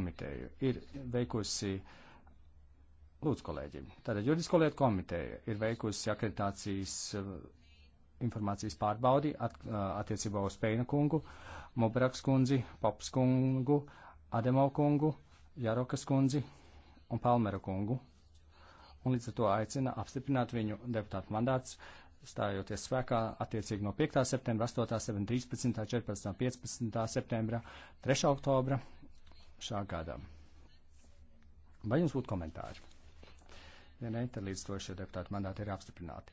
komiteju ir veikusi. Lūdzu, kolēģi, tātad juridisko lietu komiteja ir veikusi akreditācijas eh, informācijas pārbaudi at, eh, attiecībā uz Peina kungu, Mubaraks kundzi, Paps kungu, Ademo kungu, Jarokas kundzi un Palmera kungu. Un līdz ar to aicina apstiprināt viņu deputātu mandāts, stājoties spēkā attiecīgi no 5. septembra, 8. septembra, 13. 14. 15. septembra, 3. oktobra, šā gadā. Vai jums būtu komentāri? Ja ne, tad līdz to šie deputāti mandāti ir apstiprināti.